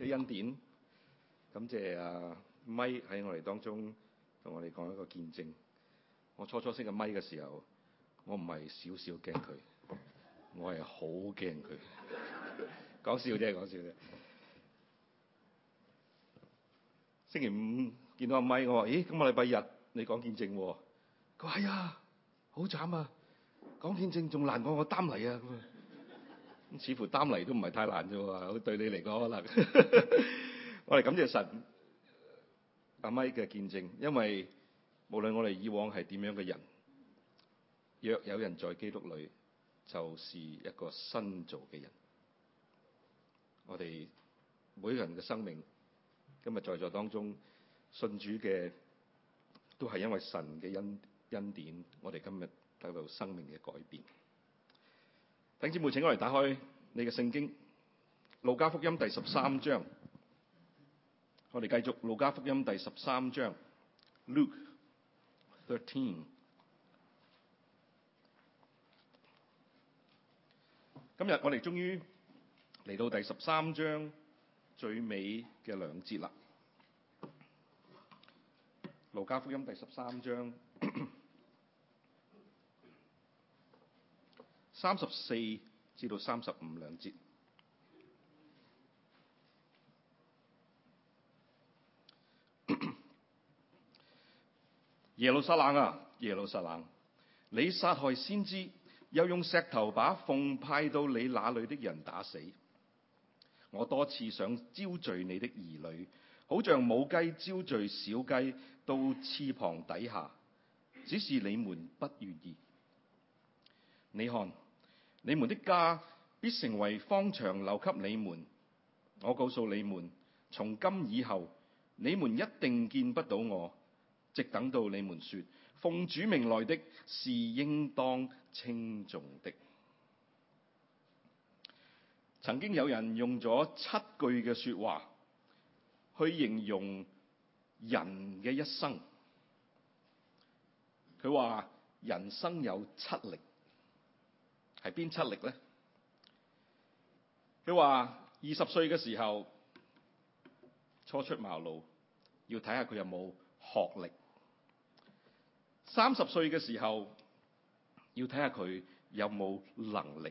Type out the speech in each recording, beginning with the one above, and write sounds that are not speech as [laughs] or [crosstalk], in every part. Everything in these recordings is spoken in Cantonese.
啲恩典，感謝阿咪喺我哋當中同我哋講一個見證。我初初識阿咪嘅時候，我唔係少少驚佢，我係好驚佢。講笑啫，講笑啫。星期五見到阿咪，我話：咦，今個禮拜日你講見證喎，啊？佢話：係、哎、啊，好慘啊！講見證仲難過我擔泥啊咁啊！似乎擔嚟都唔係太難啫，對你嚟講可能。 [laughs] 我哋感謝神阿咪嘅見證，因為無論我哋以往係點樣嘅人，若有人在基督裏就是一個新造嘅人。我哋每個人嘅生命，今日在座當中信主嘅，都係因為神嘅恩恩典，我哋今日得到生命嘅改變。弟兄姊妹，請我嚟打開你嘅聖經《路加福音》第十三章。我哋繼續《路加福音》第十三章。Luke 13。今日我哋終於嚟到第十三章最尾嘅兩節啦，《路加福音》第十三章。三十四至到三十五兩節咳咳。耶路撒冷啊，耶路撒冷，你殺害先知，又用石頭把奉派到你那裏的人打死。我多次想招聚你的兒女，好像母雞招聚小雞到翅膀底下，只是你們不願意。你看。你們的家必成為荒場，留給你們。我告訴你們，從今以後，你們一定見不到我，直等到你們說奉主名來的是應當稱頌的。曾經有人用咗七句嘅說話去形容人嘅一生。佢話人生有七力。係邊七力咧？佢話，二十歲嘅時候初出茅廬，要睇下佢有冇學歷；三十歲嘅時候，要睇下佢有冇能力；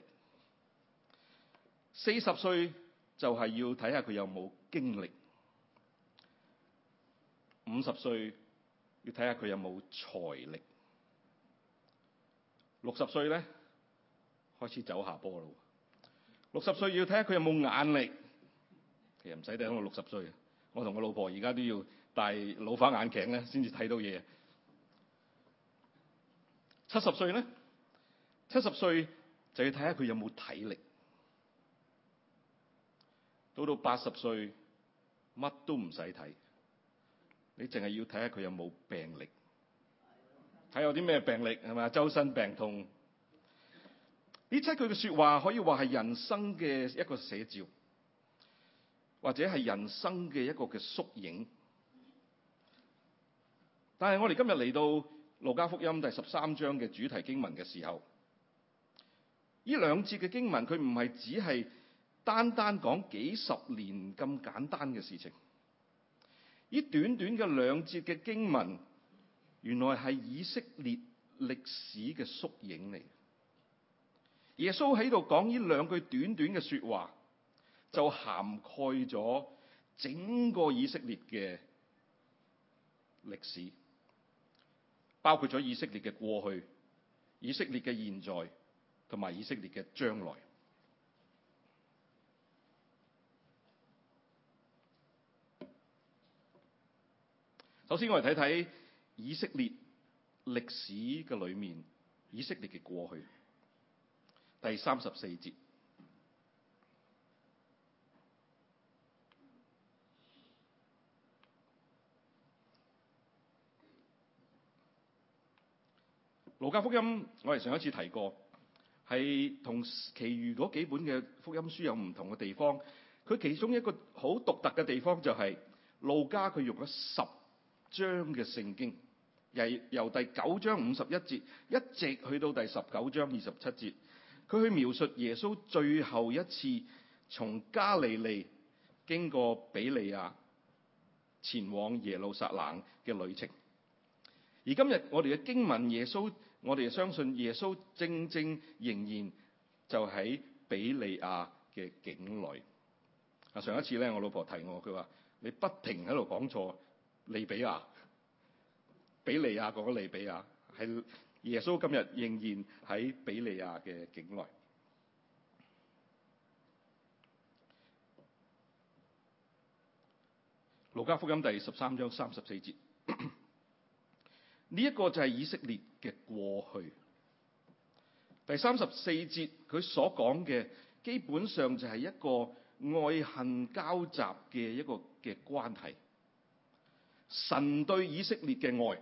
四十歲就係要睇下佢有冇經歷；五十歲要睇下佢有冇財力；六十歲咧？開始走下坡路。六十歲要睇下佢有冇眼力，其實唔使等我六十歲，我同我老婆而家都要戴老花眼鏡咧，先至睇到嘢。七十歲咧，七十歲就要睇下佢有冇體力。到到八十歲，乜都唔使睇，你淨係要睇下佢有冇病歷，睇有啲咩病歷係咪，周身病痛。呢七句嘅說話可以話係人生嘅一個寫照，或者係人生嘅一個嘅縮影。但係我哋今日嚟到路加福音第十三章嘅主題經文嘅時候，呢兩節嘅經文佢唔係只係單單講幾十年咁簡單嘅事情。呢短短嘅兩節嘅經文，原來係以色列歷史嘅縮影嚟。耶穌喺度講呢兩句短短嘅說話，就涵蓋咗整個以色列嘅歷史，包括咗以色列嘅過去、以色列嘅現在同埋以色列嘅將來。首先，我哋睇睇以色列歷史嘅裏面，以色列嘅過去。第三十四節《路加福音》，我哋上一次提過，係同其餘嗰幾本嘅福音書有唔同嘅地方。佢其中一個好獨特嘅地方就係、是、路加佢用咗十章嘅聖經，由由第九章五十一節一直去到第十九章二十七節。佢去描述耶穌最後一次從加利利經過比利亞前往耶路撒冷嘅旅程。而今日我哋嘅經文，耶穌，我哋相信耶穌正正仍然就喺比利亞嘅境內。啊，上一次咧，我老婆提我，佢話你不停喺度講錯利比亞、比利亞嗰個利比亞係。耶穌今日仍然喺比利亞嘅境內，《路加福音》第十三章三十四節，呢一、 [coughs] 這個就係以色列嘅過去。第三十四節佢所講嘅，基本上就係一個愛恨交集嘅一個嘅關係。神對以色列嘅愛，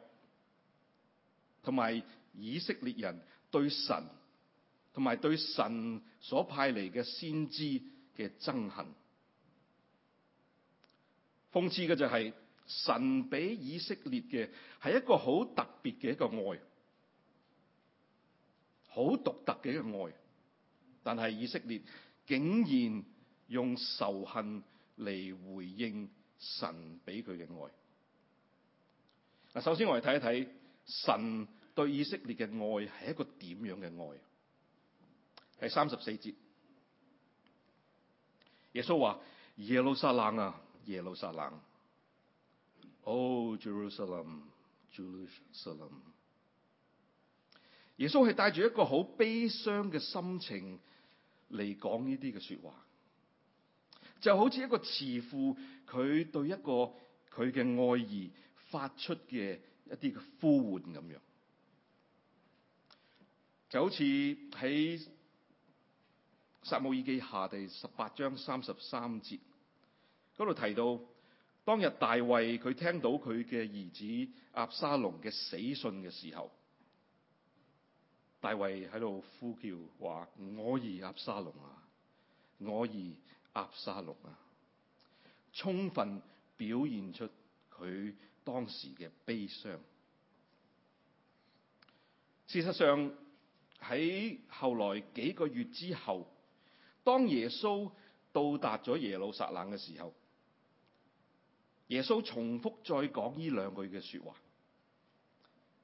同埋，以色列人對神同埋對神所派嚟嘅先知嘅憎恨，諷刺嘅就係神俾以色列嘅係一個好特別嘅一個愛，好獨特嘅一個愛，但係以色列竟然用仇恨嚟回應神俾佢嘅愛。嗱，首先我哋睇一睇神。對以色列嘅愛係一個點樣嘅愛？係三十四節，耶穌話，耶路撒冷啊，耶路撒冷，哦，Oh Jerusalem，Jerusalem。耶穌係帶住一個好悲傷嘅心情嚟講呢啲嘅說話，就好似一個慈父佢對一個佢嘅愛意發出嘅一啲呼喚咁樣。就好似喺《撒母耳記下》第十八章三十三節嗰度提到，當日大衛佢聽到佢嘅兒子押沙龍嘅死訊嘅時候，大衛喺度呼叫話：我兒押沙龍啊，我兒押沙龍啊，充分表現出佢當時嘅悲傷。事實上，喺後來幾個月之後，當耶穌到達咗耶路撒冷嘅時候，耶穌重複再講呢兩句嘅說話，《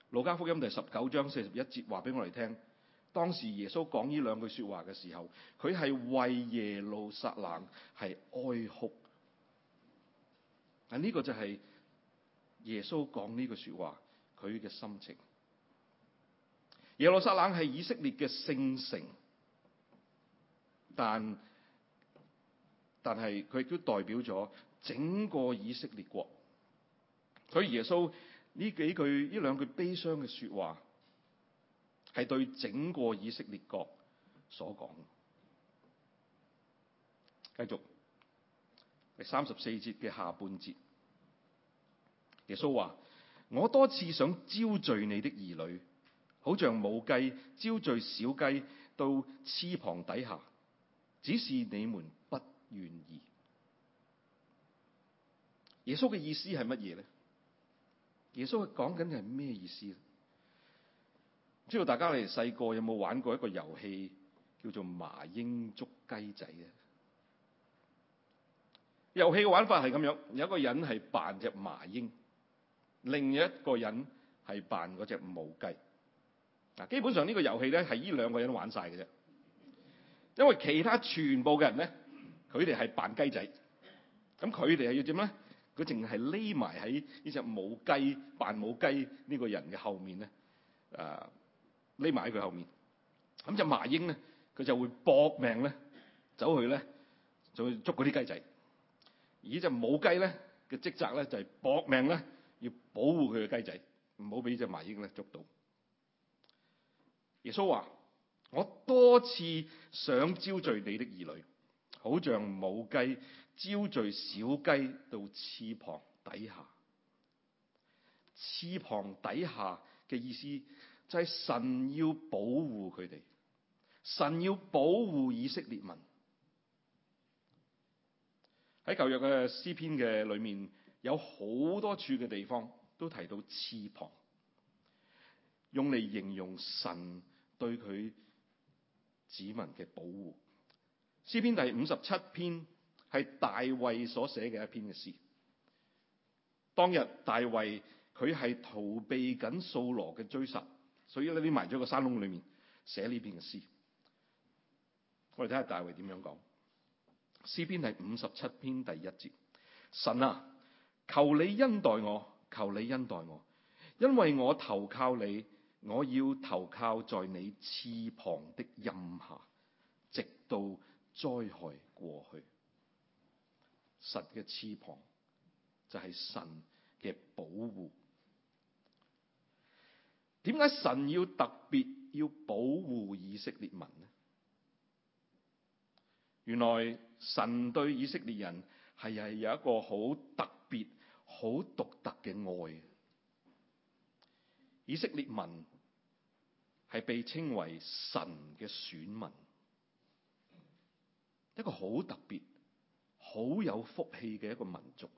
路加福音》第十九章四十一節話俾我哋聽，當時耶穌講呢兩句說話嘅時候，佢係為耶路撒冷係哀哭。啊，呢個就係耶穌講呢句說話佢嘅心情。耶路撒冷係以色列嘅聖城，但但係佢都代表咗整個以色列國。佢耶穌呢幾句呢兩句悲傷嘅說話，係對整個以色列國所講。繼續第三十四節嘅下半節，耶穌話：我多次想招聚你的兒女。好像母雞招聚小雞到翅膀底下，只是你們不願意。耶穌嘅意思係乜嘢呢？耶穌講緊係咩意思？知道大家嚟細個有冇玩過一個遊戲叫做麻鷹捉雞仔嘅？遊戲嘅玩法係咁樣：有一個人係扮隻麻鷹，另一個人係扮嗰隻母雞。嗱，基本上呢個遊戲咧係呢兩個人玩晒嘅啫，因為其他全部嘅人咧，佢哋係扮雞仔，咁佢哋係要點咧？佢淨係匿埋喺呢隻母雞扮母雞呢個人嘅後面咧，啊匿埋喺佢後面。咁隻麻鷹咧，佢就會搏命咧走去咧，就去捉嗰啲雞仔。而呢隻母雞咧嘅職責咧就係搏命咧要保護佢嘅雞仔，唔好俾隻麻鷹咧捉到。耶穌話：我多次想招聚你的兒女，好像母雞招聚小雞到翅膀底下。翅膀底下嘅意思就係神要保護佢哋，神要保護以色列民。喺舊約嘅詩篇嘅裏面，有好多處嘅地方都提到翅膀，用嚟形容神。對佢子民嘅保護。詩篇第五十七篇係大衛所寫嘅一篇嘅詩。當日大衛佢係逃避緊掃羅嘅追殺，所以呢匿埋咗個山窿裏面寫呢篇嘅詩。我哋睇下大衛點樣講。詩篇係五十七篇第一節：神啊，求你恩待我，求你恩待我，因為我投靠你。我要投靠在你翅膀的蔭下，直到災害過去。神嘅翅膀就係、是、神嘅保護。點解神要特別要保護以色列民呢？原來神對以色列人係係有一個好特別、好獨特嘅愛。以色列民，係被稱為神嘅選民，一個好特別、好有福氣嘅一個民族。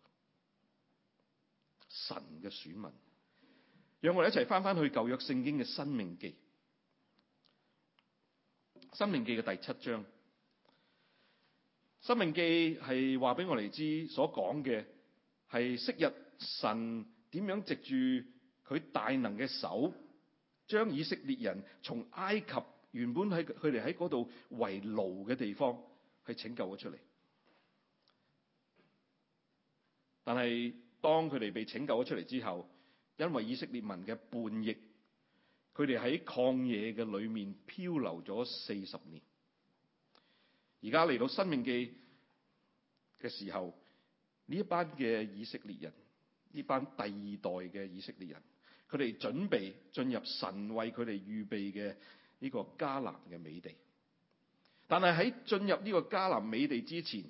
神嘅選民，讓我哋一齊翻翻去舊約聖經嘅《申命記》，《申命記》嘅第七章，《申命記》係話俾我哋知，所講嘅係昔日神點樣藉住佢大能嘅手。將以色列人從埃及原本喺佢哋喺嗰度為奴嘅地方去拯救咗出嚟。但係當佢哋被拯救咗出嚟之後，因為以色列民嘅叛逆，佢哋喺曠野嘅裏面漂流咗四十年。而家嚟到申命記嘅時候，呢一班嘅以色列人，呢班第二代嘅以色列人。佢哋準備進入神為佢哋預備嘅呢個迦南嘅美地，但係喺進入呢個迦南美地之前，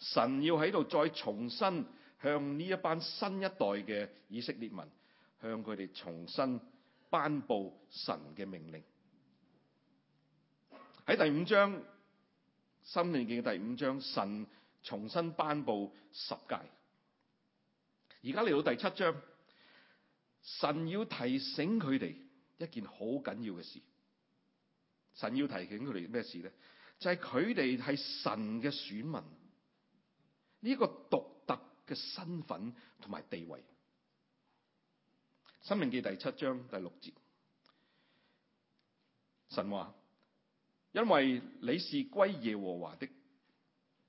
神要喺度再重新向呢一班新一代嘅以色列民向佢哋重新頒布神嘅命令。喺第五章《申命記》嘅第五章，神重新頒布十誡。而家嚟到第七章。神要提醒佢哋一件好緊要嘅事，神要提醒佢哋咩事咧？就係佢哋係神嘅選民，呢個獨特嘅身份同埋地位。申命記第七章第六節，神話：因為你是歸耶和華的，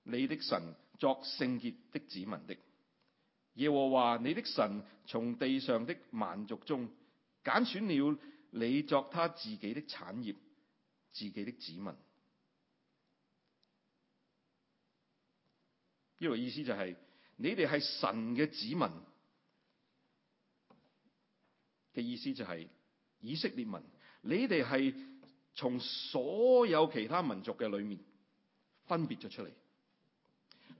你的神作聖潔的子民的。耶和華你的神從地上的萬族中揀選了你作他自己的產業、自己的子民。呢、這個意思就係、是、你哋係神嘅子民嘅意思就係、是、以色列民，你哋係從所有其他民族嘅裏面分別咗出嚟，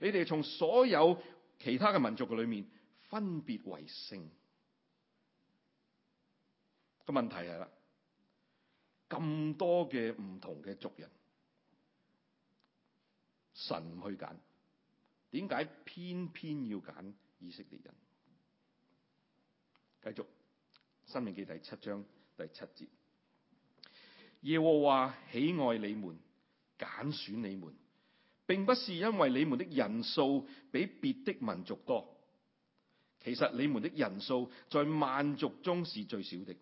你哋從所有。其他嘅民族嘅裏面，分別為聖。個問題係啦，咁多嘅唔同嘅族人，神唔去揀，點解偏偏要揀以色列人？繼續，申命記第七章第七節，耶和華喜愛你們，揀選你們。並不是因為你們的人數比別的民族多，其實你們的人數在萬族中是最少的，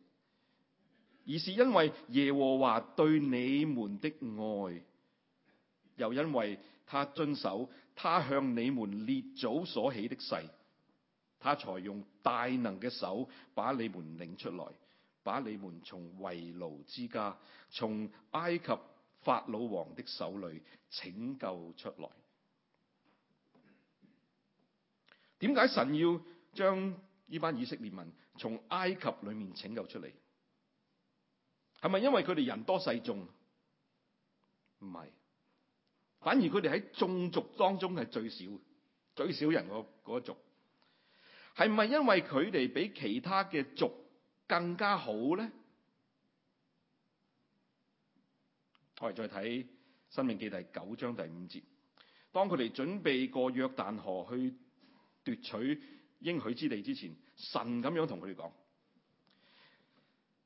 而是因為耶和華對你們的愛，又因為他遵守他向你們列祖所起的誓，他才用大能嘅手把你們領出來，把你們從為奴之家，從埃及。法老王的手裏拯救出來。點解神要將呢班以色列民從埃及裏面拯救出嚟？係咪因為佢哋人多勢眾？唔係，反而佢哋喺眾族當中係最少、最少人嗰一族。係咪因為佢哋比其他嘅族更加好咧？我哋再睇《申命記》第九章第五節，當佢哋準備過約旦河去奪取應許之地之前，神咁樣同佢哋講，《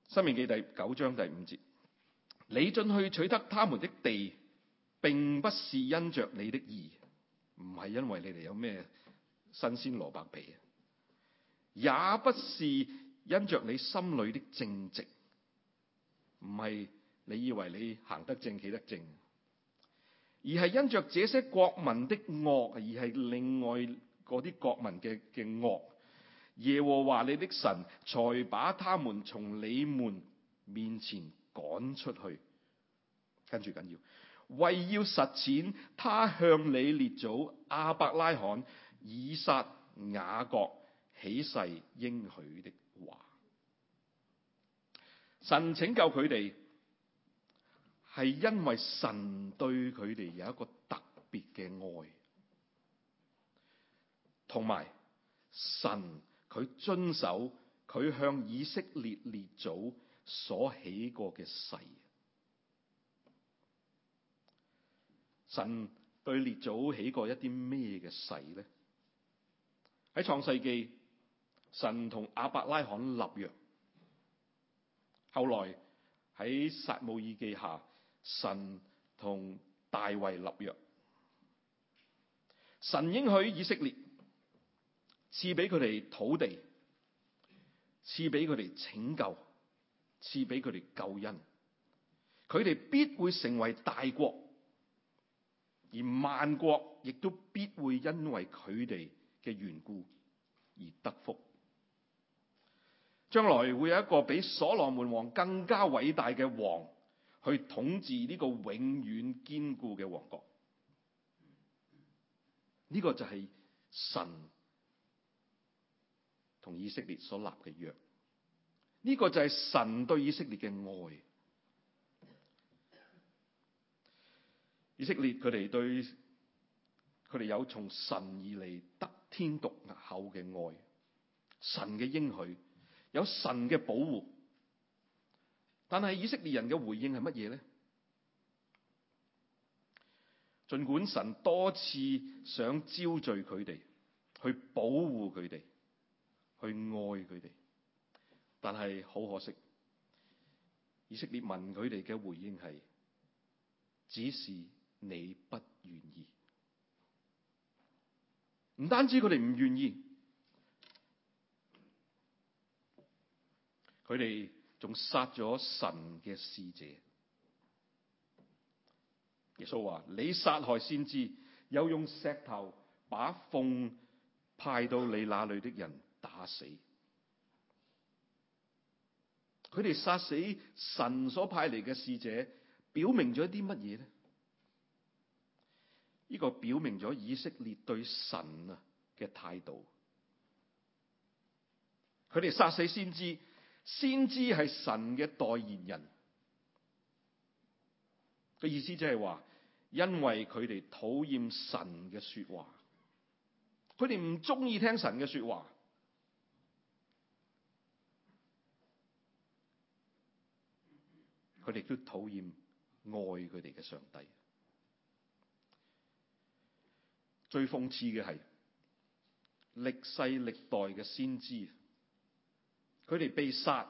申命記》第九章第五節，你進去取得他們的地，並不是因着你的義，唔係因為你哋有咩新鮮蘿卜皮，也不是因着你心裡的正直，唔係。你以為你行得正企得正，而係因着這些國民的惡，而係另外嗰啲國民嘅嘅惡，耶和華你的神才把他們從你們面前趕出去。跟住緊要，為要實踐他向你列祖亞伯拉罕、以撒、雅各起誓應許的話，神拯救佢哋。係因為神對佢哋有一個特別嘅愛，同埋神佢遵守佢向以色列列祖所起過嘅誓。神對列祖起過一啲咩嘅誓咧？喺創世記，神同亞伯拉罕立約，後來喺撒母耳記下。神同大衛立約，神應許以色列，賜俾佢哋土地，賜俾佢哋拯救，賜俾佢哋救恩。佢哋必會成為大國，而萬國亦都必會因為佢哋嘅緣故而得福。將來會有一個比所羅門王更加偉大嘅王。去統治呢個永遠堅固嘅王國，呢、這個就係神同以色列所立嘅約，呢、這個就係神對以色列嘅愛。以色列佢哋對佢哋有從神而嚟得天獨厚嘅愛，神嘅應許，有神嘅保護。但係以色列人嘅回應係乜嘢呢？盡管神多次想招聚佢哋，去保護佢哋，去愛佢哋，但係好可惜，以色列問佢哋嘅回應係，只是你不願意。唔單止佢哋唔願意，佢哋。仲殺咗神嘅使者，耶穌話：你殺害先知，又用石頭把奉派到你那裏的人打死。佢哋殺死神所派嚟嘅使者，表明咗啲乜嘢咧？呢個表明咗以色列對神啊嘅態度。佢哋殺死先知。先知係神嘅代言人嘅意思，即係話，因為佢哋討厭神嘅說話，佢哋唔中意聽神嘅說話，佢哋都討厭愛佢哋嘅上帝。最諷刺嘅係歷世歷代嘅先知。佢哋被殺，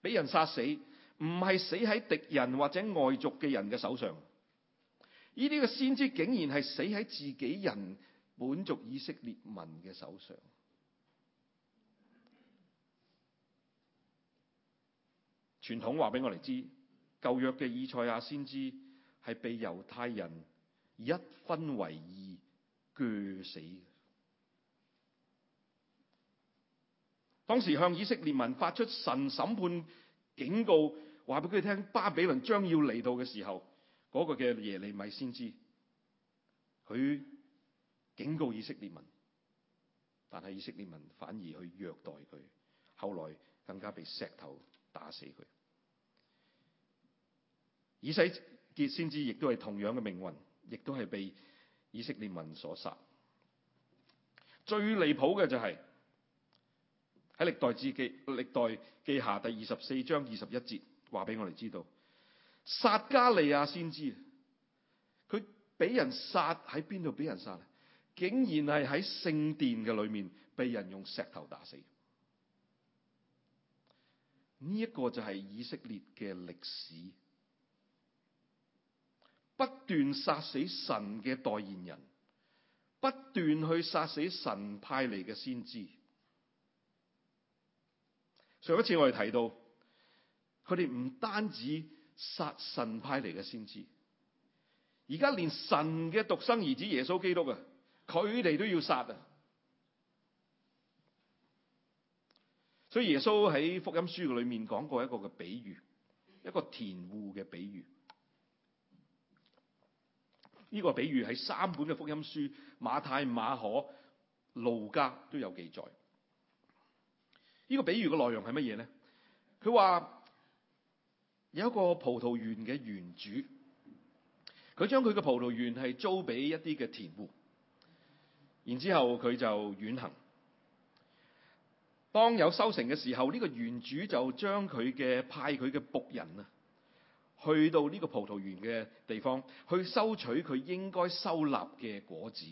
俾人殺死，唔係死喺敵人或者外族嘅人嘅手上。呢啲嘅先知竟然係死喺自己人本族以色列民嘅手上。傳統話俾我哋知，舊約嘅以賽亞先知係被猶太人一分為二鋸死。當時向以色列民發出神審判警告，話俾佢聽巴比倫將要嚟到嘅時候，嗰、那個嘅耶利米先知，佢警告以色列民，但係以色列民反而去虐待佢，後來更加被石頭打死佢。以西結先知亦都係同樣嘅命運，亦都係被以色列民所殺。最離譜嘅就係、是。喺歷代志記、歷代記下第二十四章二十一節，話俾我哋知道，撒迦利亞先知，佢俾人殺喺邊度？俾人殺？竟然係喺聖殿嘅裏面，被人用石頭打死。呢一個就係以色列嘅歷史，不斷殺死神嘅代言人，不斷去殺死神派嚟嘅先知。上一次我哋提到，佢哋唔單止殺神派嚟嘅先知，而家連神嘅獨生兒子耶穌基督啊，佢哋都要殺啊！所以耶穌喺福音書裏面講過一個嘅比喻，一個田戶嘅比喻。呢個比喻喺三本嘅福音書馬太、馬可、路加都有記載。呢個比喻嘅內容係乜嘢咧？佢話有一個葡萄園嘅園主，佢將佢嘅葡萄園係租俾一啲嘅田戶，然之後佢就遠行。當有收成嘅時候，呢、呢個園主就將佢嘅派佢嘅僕人啊，去到呢個葡萄園嘅地方，去收取佢應該收納嘅果子，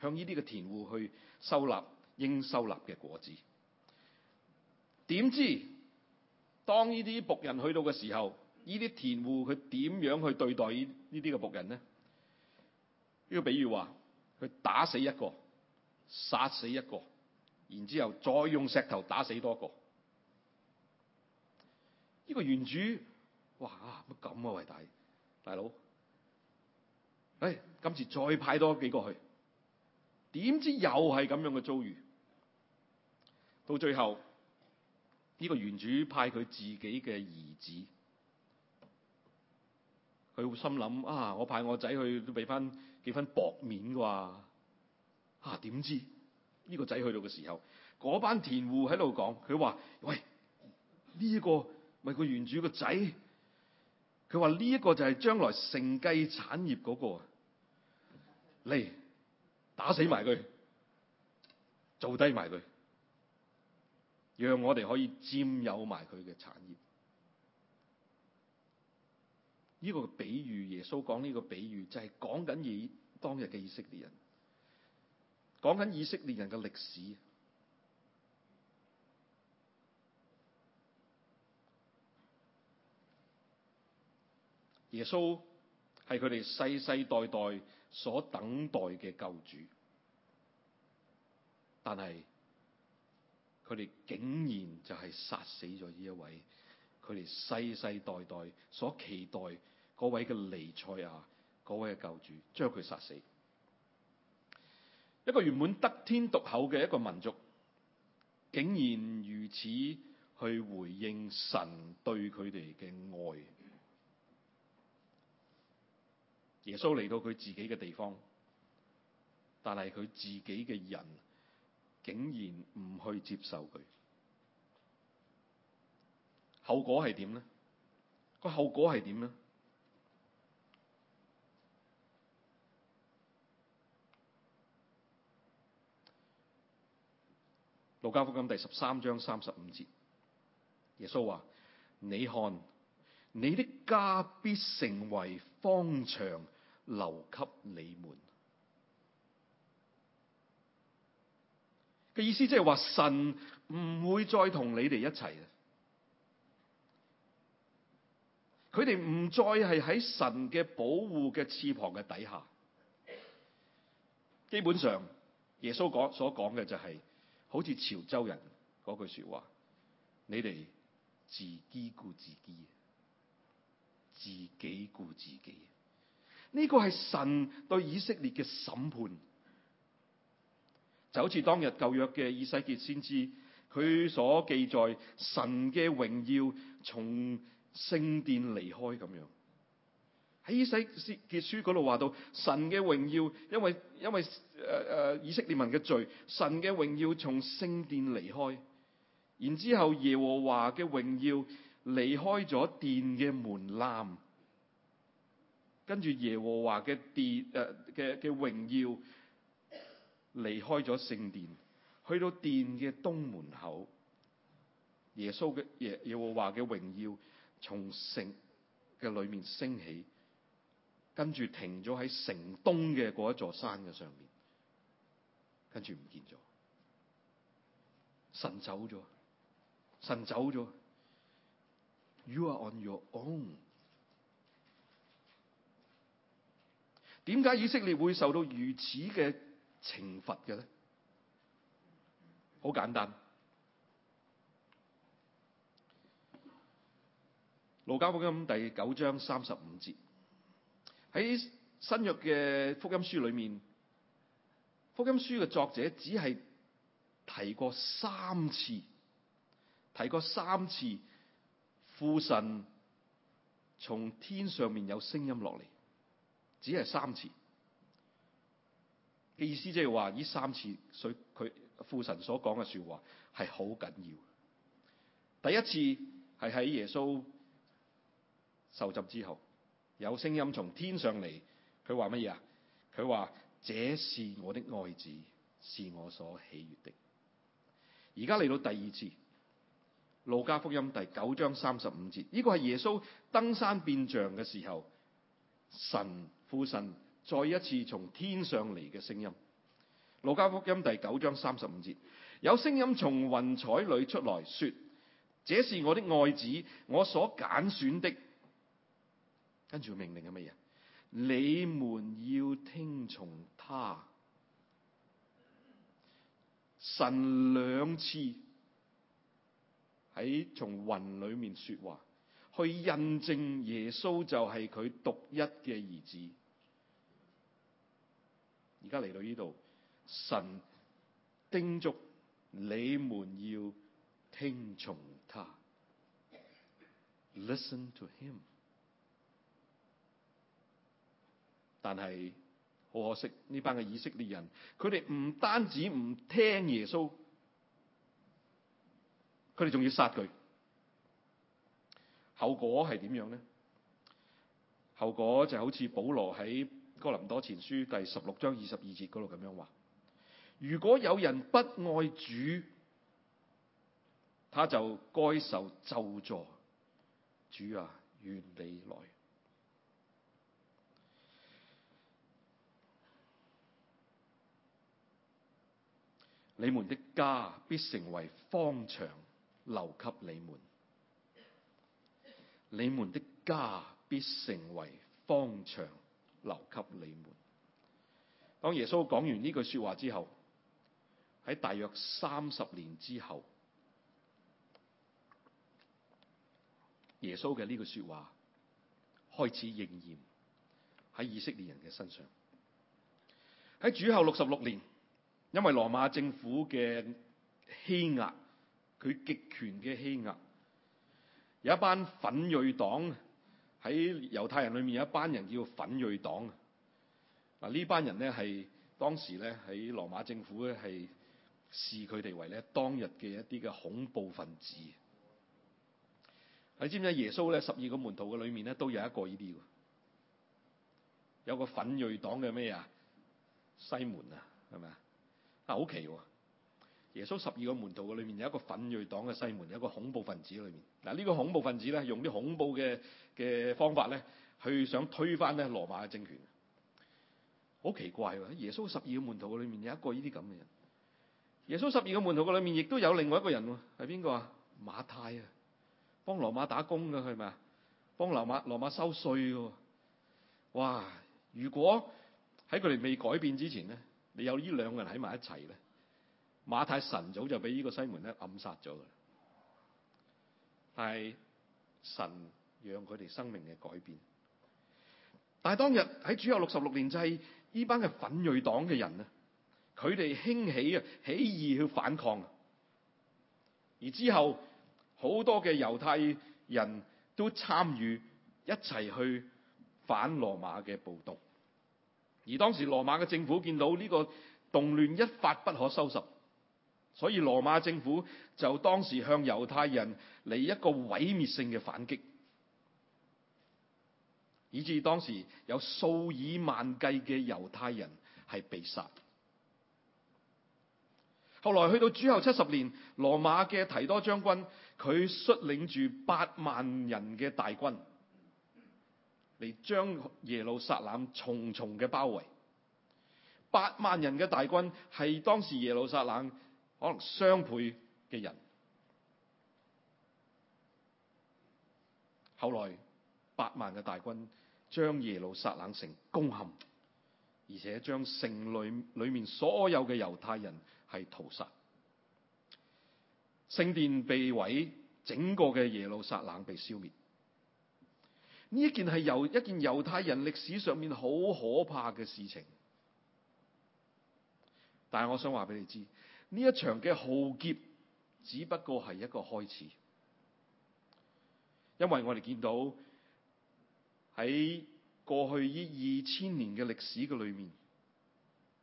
向呢啲嘅田戶去收納應收納嘅果子。點知當呢啲僕人去到嘅時候，呢啲田戶佢點樣去對待呢啲嘅僕人咧？呢、這個比喻話佢打死一個殺死一個，然之後再用石頭打死多個呢、這個園主，哇乜咁啊？喂大大佬，誒、哎、今次再派多幾個去，點知又係咁樣嘅遭遇，到最後。呢個原主派佢自己嘅兒子，佢會心諗啊，我派我仔去都俾翻幾分薄面啩，啊，點知呢、這個仔去到嘅時候，嗰班田戶喺度講，佢話：喂，呢、這個咪個原主個仔，佢話呢一個就係將來承繼產業嗰、那個，嚟打死埋佢，做低埋佢。讓我哋可以佔有埋佢嘅產業。呢個比喻，耶穌講呢個比喻就係講緊以當日嘅以色列人，講緊以色列人嘅歷史。耶穌係佢哋世世代代所等待嘅救主，但係。佢哋竟然就係殺死咗呢一位，佢哋世世代代所期待嗰位嘅彌賽亞，嗰位嘅救主，將佢殺死。一個原本得天獨厚嘅一個民族，竟然如此去回應神對佢哋嘅愛。耶穌嚟到佢自己嘅地方，但係佢自己嘅人，竟然唔去接受佢，後果係點咧？個後果係點咧？路加福音第十三章三十五節，耶穌話：，你看，你的家必成為荒場，留給你們。嘅意思即係話神唔會再同你哋一齊啊！佢哋唔再係喺神嘅保護嘅翅膀嘅底下。基本上，耶穌講所講嘅就係、是、好似潮州人嗰句說話：，你哋自己顧自己，自己顧自己。呢個係神對以色列嘅審判。就好似當日舊約嘅以西結先知，佢所記載神嘅榮耀從聖殿離開咁樣。喺以西結書嗰度話到，神嘅榮耀因為因為誒誒、呃、以色列民嘅罪，神嘅榮耀從聖殿離開。然之後耶和華嘅榮耀離開咗殿嘅門檻，跟住耶和華嘅殿誒嘅嘅榮耀。離開咗聖殿，去到殿嘅東門口，耶穌嘅耶耶和華嘅榮耀從城嘅裏面升起，跟住停咗喺城東嘅嗰一座山嘅上面，跟住唔見咗，神走咗，神走咗，You are on your own。點解以色列會受到如此嘅？懲罰嘅咧？好簡單。路加福音第九章三十五節，喺新約嘅福音書裏面，福音書嘅作者只係提過三次，提過三次，父神從天上面有聲音落嚟，只係三次。嘅意思即係話呢三次，所以佢父神所講嘅說話係好緊要。第一次係喺耶穌受浸之後，有聲音從天上嚟，佢話乜嘢啊？佢話這是我的愛子，是我所喜悅的。而家嚟到第二次，路加福音第九章三十五節，呢個係耶穌登山變像嘅時候，神父神。呼再一次從天上嚟嘅聲音，《路加福音》第九章三十五節，有聲音從雲彩裏出來，說：這是我的愛子，我所揀選的。跟住命令係乜嘢？你們要聽從他。神兩次喺從雲裏面說話，去印證耶穌就係佢獨一嘅兒子。而家嚟到呢度，神叮囑你們要聽從他，Listen to him 但。但係好可惜，呢班嘅以色列人，佢哋唔單止唔聽耶穌，佢哋仲要殺佢。後果係點樣咧？後果就好似保羅喺哥林多前書第十六章二十二節嗰度咁樣話：如果有人不愛主，他就該受咒詛，主啊，願你來！你們的家必成為荒場，留給你們。你們的家必成為荒場。留給你們。當耶穌講完呢句說話之後，喺大約三十年之後，耶穌嘅呢句說話開始應驗喺以色列人嘅身上。喺主後六十六年，因為羅馬政府嘅欺壓，佢極權嘅欺壓，有一班奮銳黨。喺猶太人裏面有一班人叫奮銳黨啊！呢班人咧，係當時咧，喺羅馬政府咧，係視佢哋為咧，當日嘅一啲嘅恐怖分子。你知唔知道耶穌咧，十二個門徒嘅裏面咧，都有一個呢啲㗎，有個奮銳黨嘅咩啊？西門啊，係咪啊？啊，好奇喎、哦！耶穌十二個門徒嘅裏面有一個奮銳黨嘅西門，有一個恐怖分子裏面。嗱、這、呢個恐怖分子咧，用啲恐怖嘅嘅方法咧，去想推翻咧羅馬嘅政權。好奇怪喎、啊！耶穌十二個門徒嘅裏面有一個呢啲咁嘅人。耶穌十二個門徒嘅裏面亦都有另外一個人喎、啊，係邊個啊？馬太啊，幫羅馬打工噶係咪啊？幫羅馬羅馬收稅嘅。哇！如果喺佢哋未改變之前咧，你有呢兩個人喺埋一齊咧？馬太神早就俾呢個西門咧暗殺咗啦，但係神讓佢哋生命嘅改變。但係當日喺主後六十六年，就係呢班嘅奮銳黨嘅人咧，佢哋興起啊，起義去反抗，而之後好多嘅猶太人都參與一齊去反羅馬嘅暴動。而當時羅馬嘅政府見到呢個動亂一發不可收拾。所以羅馬政府就當時向猶太人嚟一個毀滅性嘅反擊，以致當時有數以萬計嘅猶太人係被殺。後來去到主後七十年，羅馬嘅提多將軍佢率領住八萬人嘅大軍嚟將耶路撒冷重重嘅包圍。八萬人嘅大軍係當時耶路撒冷。可能雙倍嘅人，後來八萬嘅大軍將耶路撒冷城攻陷，而且將城裡裡面所有嘅猶太人係屠殺，聖殿被毀，整個嘅耶路撒冷被消滅。呢一件係由一件猶太人歷史上面好可怕嘅事情，但係我想話俾你知。呢一場嘅浩劫只不過係一個開始，因為我哋見到喺過去呢二千年嘅歷史嘅裏面，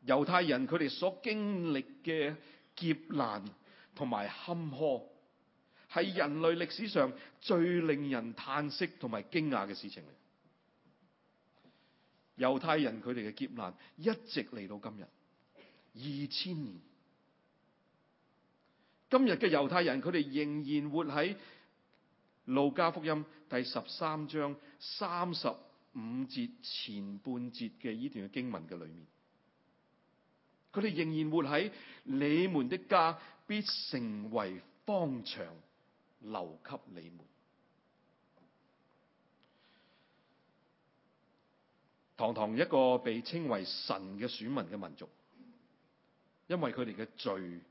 猶太人佢哋所經歷嘅劫難同埋坎坷，係人類歷史上最令人嘆息同埋驚訝嘅事情嚟。猶太人佢哋嘅劫難一直嚟到今日，二千年。今日嘅猶太人，佢哋仍然活喺路加福音第十三章三十五節前半節嘅呢段嘅經文嘅裏面，佢哋仍然活喺你們的家必成為荒場，留給你們。堂堂一個被稱為神嘅選民嘅民族，因為佢哋嘅罪。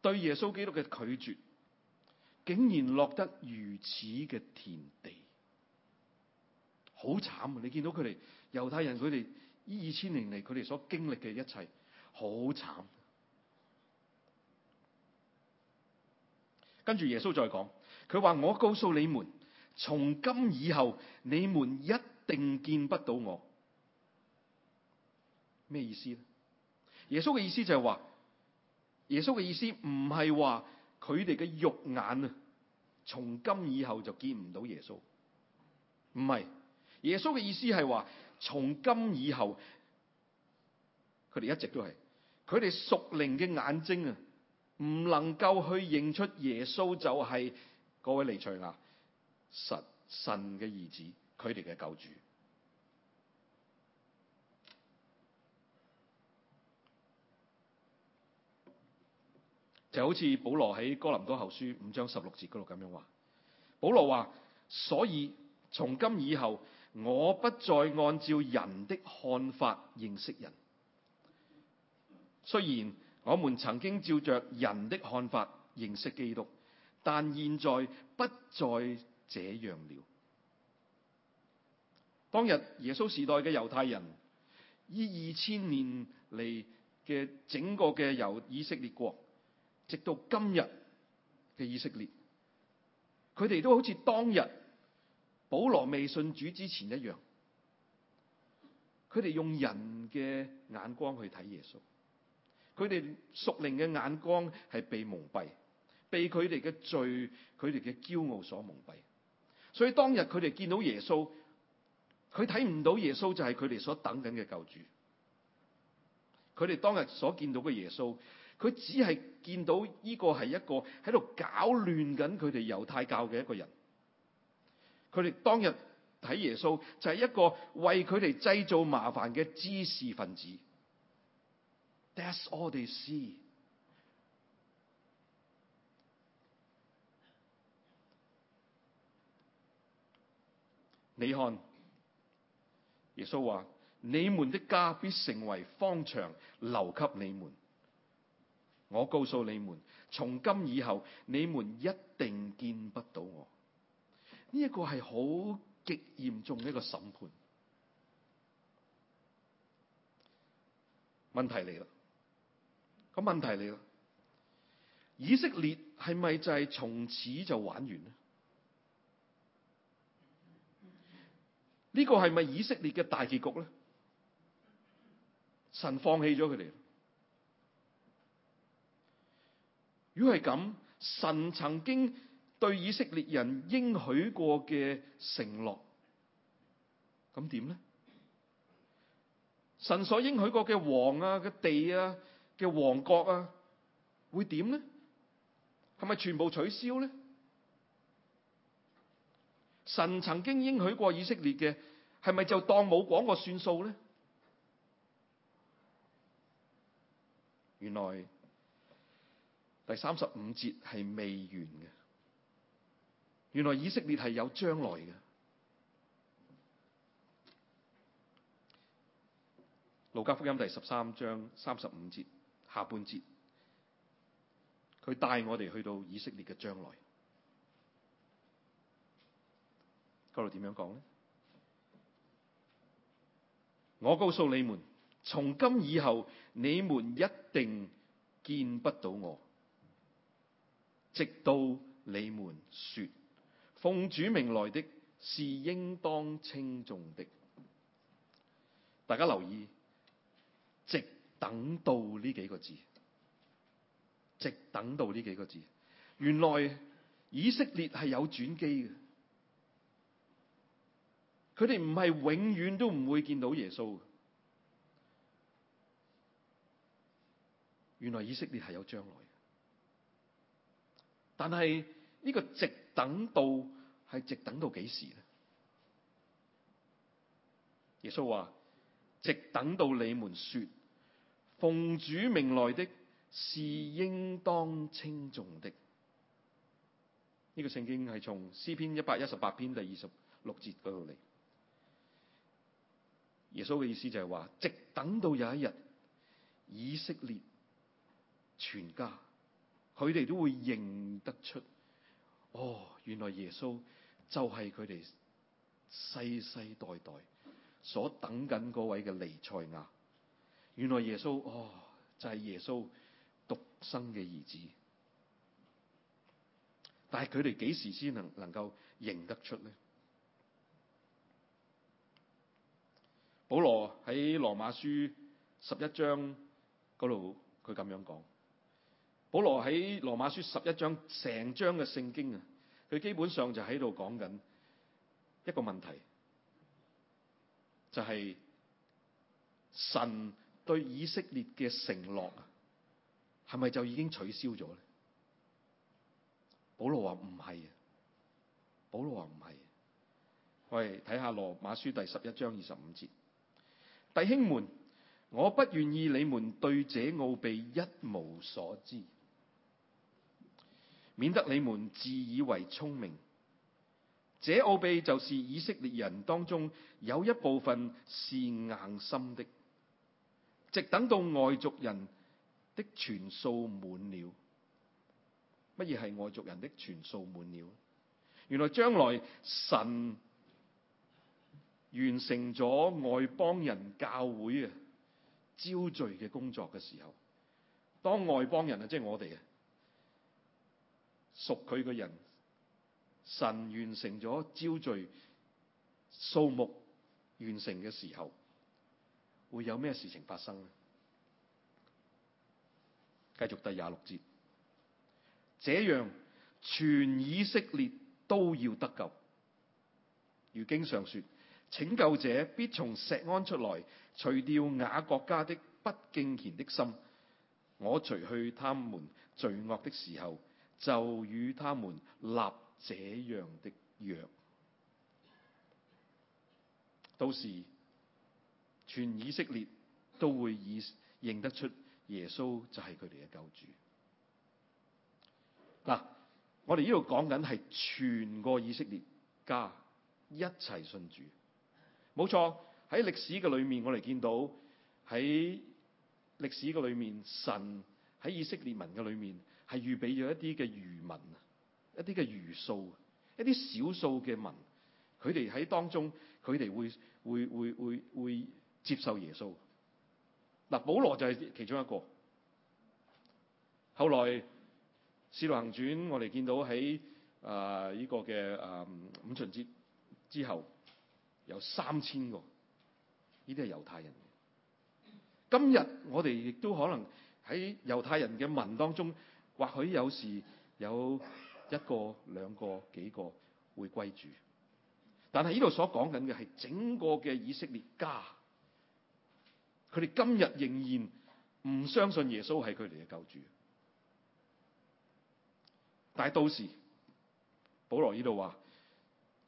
對耶穌基督嘅拒絕，竟然落得如此嘅田地，好慘啊！你見到佢哋猶太人，佢哋二千年嚟，佢哋所經歷嘅一切，好慘啊。跟住耶穌再講，佢話：我告訴你們，從今以後，你們一定見不到我。咩意思呢？耶穌嘅意思就係話。耶穌嘅意思唔係話佢哋嘅肉眼啊，從今以後就見唔到耶穌，唔係。耶穌嘅意思係話，從今以後佢哋一直都係佢哋屬靈嘅眼睛啊，唔能夠去認出耶穌就係、是、各位彌賽亞神，神嘅兒子，佢哋嘅救主。就好似保羅喺哥林多後書五章十六節嗰度咁樣話，保羅話：所以從今以後，我不再按照人的看法認識人。雖然我們曾經照着人的看法認識基督，但現在不再這樣了。當日耶穌時代嘅猶太人，呢二千年嚟嘅整個嘅猶以色列國。直到今日嘅以色列，佢哋都好似當日保羅未信主之前一樣，佢哋用人嘅眼光去睇耶穌，佢哋屬靈嘅眼光係被蒙蔽，被佢哋嘅罪、佢哋嘅驕傲所蒙蔽。所以當日佢哋見到耶穌，佢睇唔到耶穌就係佢哋所等緊嘅救主。佢哋當日所見到嘅耶穌。佢只係見到呢個係一個喺度搞亂緊佢哋猶太教嘅一個人。佢哋當日睇耶穌就係一個為佢哋製造麻煩嘅知識分子。That's all they see。你看，耶穌話：你們的家必成為荒場，留給你們。我告訴你們，從今以後你們一定見不到我。呢一個係好極嚴重嘅一個審判。問題嚟啦，咁問題嚟啦。以色列係咪就係從此就玩完咧？呢個係咪以色列嘅大結局咧？神放棄咗佢哋。如果係咁，神曾經對以色列人應許過嘅承諾，咁點咧？神所應許過嘅王啊、嘅地啊、嘅王國啊，會點咧？係咪全部取消咧？神曾經應許過以色列嘅，係咪就當冇講過算數咧？原來。第三十五節係未完嘅，原來以色列係有將來嘅。路加福音第十三章三十五節下半節，佢帶我哋去到以色列嘅將來。嗰度點樣講呢？我告訴你們，從今以後，你們一定見不到我，直到你們說，奉主名來的是應當稱頌的。大家留意，直等到呢幾個字，直等到呢幾個字，原來以色列係有轉機嘅，佢哋唔係永遠都唔會見到耶穌嘅，原來以色列係有將來。但係呢個直等到係直等到幾時呢？耶穌話：直等到你們說，奉主名來的是應當稱頌的。呢個聖經係從詩篇一百一十八篇第二十六節嗰度嚟。耶穌嘅意思就係話，直等到有一日，以色列全家。佢哋都會認得出，哦，原來耶穌就係佢哋世世代代所等緊嗰位嘅尼賽亞，原來耶穌哦就係耶穌獨生嘅兒子，但係佢哋幾時先能能夠認得出咧？保羅喺羅馬書十一章嗰度，佢咁樣講。保羅喺羅馬書十一章成章嘅聖經啊，佢基本上就喺度講緊一個問題，就係、是、神對以色列嘅承諾啊，係咪就已經取消咗咧？保羅話唔係啊，保羅話唔係。喂，睇下羅馬書第十一章二十五節，弟兄們，我不願意你們對這奧秘一無所知。免得你們自以為聰明，這奧祕就是以色列人當中有一部分是硬心的，直等到外族人的全數滿了。乜嘢係外族人的全數滿了？原來將來神完成咗外邦人教會嘅招聚嘅工作嘅時候，當外邦人啊，即係我哋啊。屬佢嘅人，神完成咗焦罪數目完成嘅時候，會有咩事情發生呢？繼續第廿六節，這樣全以色列都要得救。《如經》上說：拯救者必從錫安出來，除掉雅各家的不敬虔的心。我除去他們罪惡的時候。就與他們立這樣的約，到時全以色列都會以認得出耶穌就係佢哋嘅救主。嗱，我哋呢度講緊係全個以色列家一齊信主，冇錯。喺歷史嘅裏面，我哋見到喺歷史嘅裏面，神喺以色列民嘅裏面。係預備咗一啲嘅餘民啊，一啲嘅餘數，一啲少數嘅民，佢哋喺當中，佢哋會會會會會接受耶穌。嗱，保羅就係其中一個。後來《使徒行傳》，我哋見到喺啊呢個嘅啊、呃、五旬節之後，有三千個，呢啲係猶太人。今日我哋亦都可能喺猶太人嘅民當中。或許有時有一個、兩個、幾個會歸主，但係呢度所講緊嘅係整個嘅以色列家，佢哋今日仍然唔相信耶穌係佢哋嘅救主。但係到時，保羅呢度話，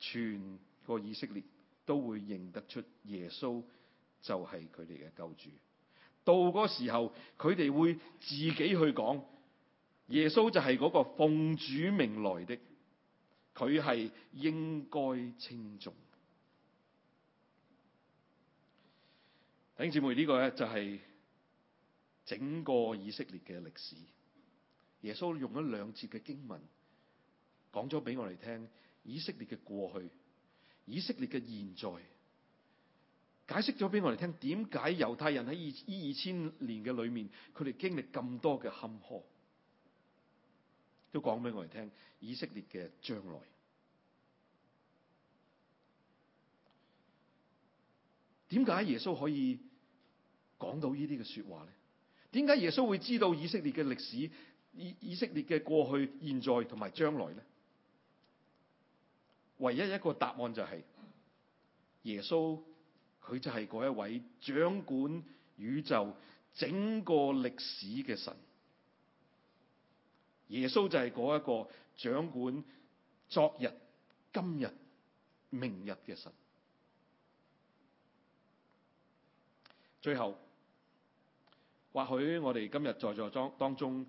全個以色列都會認得出耶穌就係佢哋嘅救主。到嗰時候，佢哋會自己去講。耶穌就係嗰個奉主名來的，佢係應該稱頌。弟兄姊妹，呢、這個咧就係整個以色列嘅歷史。耶穌用咗兩節嘅經文講咗俾我哋聽以色列嘅過去、以色列嘅現在，解釋咗俾我哋聽點解猶太人喺呢二千年嘅裏面，佢哋經歷咁多嘅坎坷。都講俾我哋聽以色列嘅將來，點解耶穌可以講到呢啲嘅說話咧？點解耶穌會知道以色列嘅歷史、以以色列嘅過去、現在同埋將來咧？唯一一個答案就係，耶穌佢就係嗰一位掌管宇宙整個歷史嘅神。耶穌就係嗰一個掌管昨日、今日、明日嘅神。最後，或許我哋今日在座當中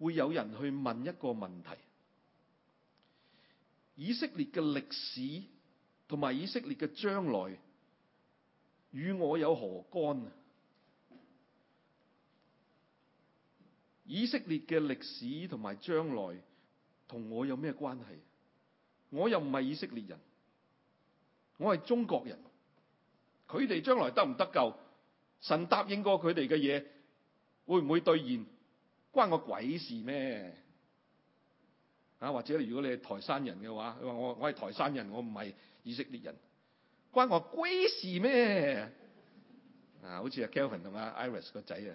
會有人去問一個問題：以色列嘅歷史同埋以色列嘅將來，與我有何干？以色列嘅歷史同埋將來同我有咩關係？我又唔係以色列人，我係中國人。佢哋將來得唔得救？神答應過佢哋嘅嘢會唔會兌現？關我鬼事咩？啊，或者如果你係台山人嘅話，佢話我我係台山人，我唔係以色列人，關我鬼事咩？啊，好似阿 Kelvin 同阿 Iris 個仔啊，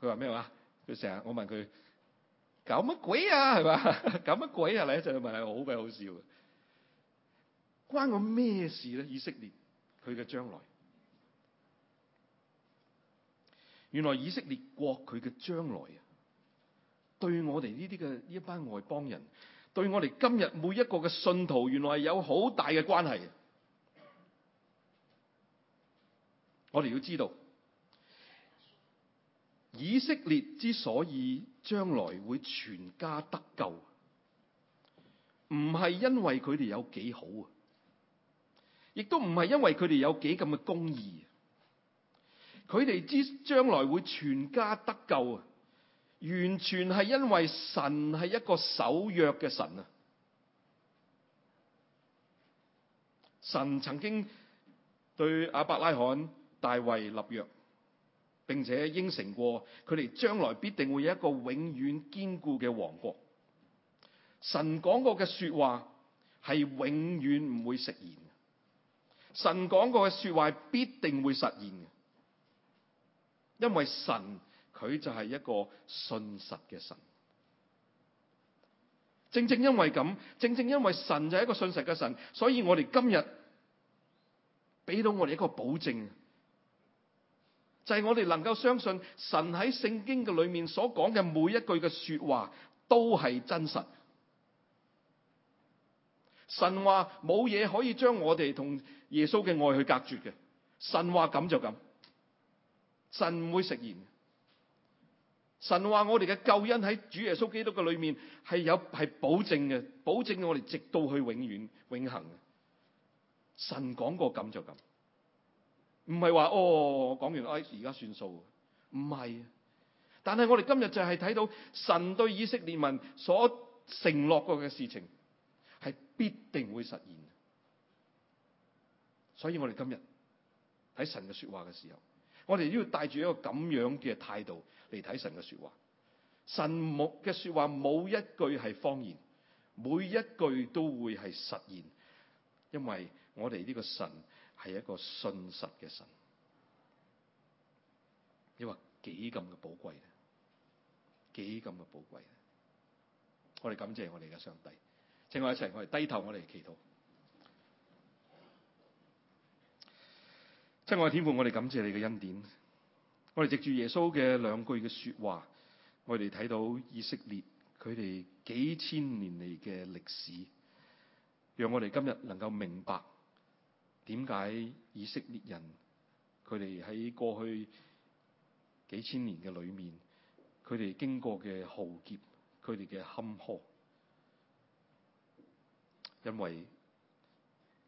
佢話咩話？佢成日我問佢搞乜鬼啊？係嘛？搞乜鬼啊？你一陣問係好鬼好笑嘅，關我咩事咧？以色列佢嘅將來，原來以色列國佢嘅將來啊，對我哋呢啲嘅呢一班外邦人，對我哋今日每一個嘅信徒，原來係有好大嘅關係。我哋要知道。以色列之所以將來會全家得救，唔係因為佢哋有幾好啊，亦都唔係因為佢哋有幾咁嘅公義，佢哋之將來會全家得救啊，完全係因為神係一個守約嘅神啊！神曾經對阿伯拉罕、大衛立約。並且應承過，佢哋將來必定會有一個永遠堅固嘅王國。神講過嘅說話係永遠唔會食言嘅，神講過嘅說話必定會實現嘅，因為神佢就係一個信實嘅神。正正因為咁，正正因為神就係一個信實嘅神，所以我哋今日俾到我哋一個保證。就係我哋能夠相信神喺聖經嘅裏面所講嘅每一句嘅說話都係真實。神話冇嘢可以將我哋同耶穌嘅愛去隔絕嘅。神話咁就咁，神唔會食言。神話我哋嘅救恩喺主耶穌基督嘅裏面係有係保證嘅，保證我哋直到去永遠永恆嘅。神講過咁就咁。唔係話哦，我講完哎，而家算數，唔係。但係我哋今日就係睇到神對以色列民所承諾過嘅事情，係必定會實現。所以我哋今日睇神嘅說話嘅時候，我哋都要帶住一個咁樣嘅態度嚟睇神嘅說話。神冇嘅說話冇一句係謊言，每一句都會係實現，因為我哋呢個神。係一個信實嘅神，你話幾咁嘅寶貴咧？幾咁嘅寶貴咧？我哋感謝我哋嘅上帝，請我一齊我哋低頭，我哋祈禱。親愛嘅天父，我哋感謝你嘅恩典。我哋藉住耶穌嘅兩句嘅說話，我哋睇到以色列佢哋幾千年嚟嘅歷史，讓我哋今日能夠明白。點解以色列人佢哋喺過去幾千年嘅裏面，佢哋經過嘅浩劫，佢哋嘅坎坷，因為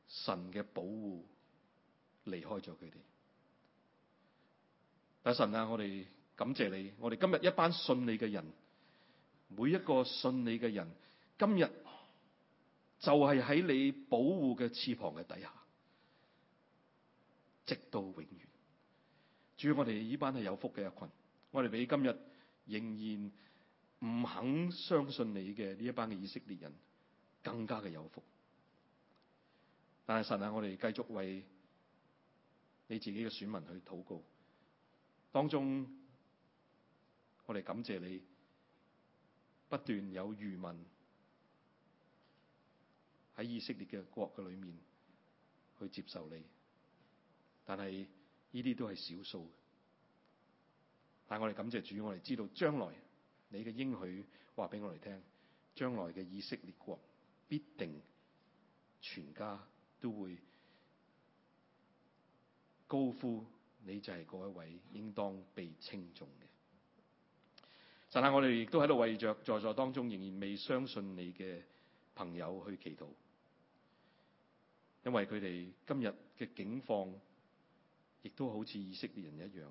神嘅保護離開咗佢哋。但神啊，我哋感謝你，我哋今日一班信你嘅人，每一個信你嘅人，今日就係喺你保護嘅翅膀嘅底下。直到永遠。主，我哋呢班係有福嘅一群，我哋比今日仍然唔肯相信你嘅呢一班嘅以色列人更加嘅有福。但係神啊，我哋繼續為你自己嘅選民去禱告。當中，我哋感謝你不斷有餘民喺以色列嘅國嘅裏面去接受你。但係呢啲都係少數，但係我哋感謝主，我哋知道將來你嘅應許話俾我哋聽，將來嘅以色列國必定全家都會高呼，你就係嗰一位應當被稱頌嘅。神啊，我哋亦都喺度為着在座當中仍然未相信你嘅朋友去祈禱，因為佢哋今日嘅境況。亦都好似以色列人一樣，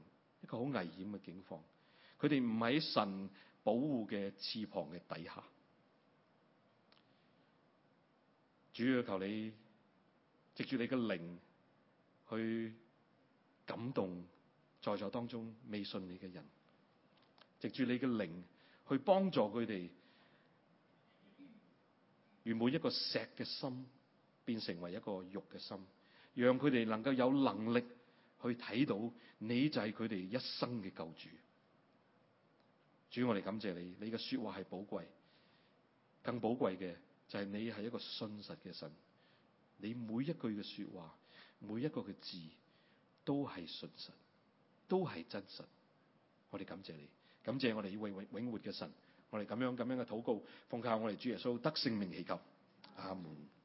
一個好危險嘅境況。佢哋唔喺神保護嘅翅膀嘅底下。主要求你藉住你嘅靈去感動在座當中未信你嘅人，藉住你嘅靈去幫助佢哋，由每一個石嘅心變成為一個肉嘅心，讓佢哋能夠有能力，去睇到你就係佢哋一生嘅救主。主，我哋感謝你，你嘅說話係寶貴，更寶貴嘅就係、是、你係一個信實嘅神，你每一句嘅說話，每一個嘅字都係信實，都係真實。我哋感謝你，感謝我哋要永永活嘅神，我哋咁樣咁樣嘅禱告，奉靠我哋主耶穌得聖名祈求，阿門。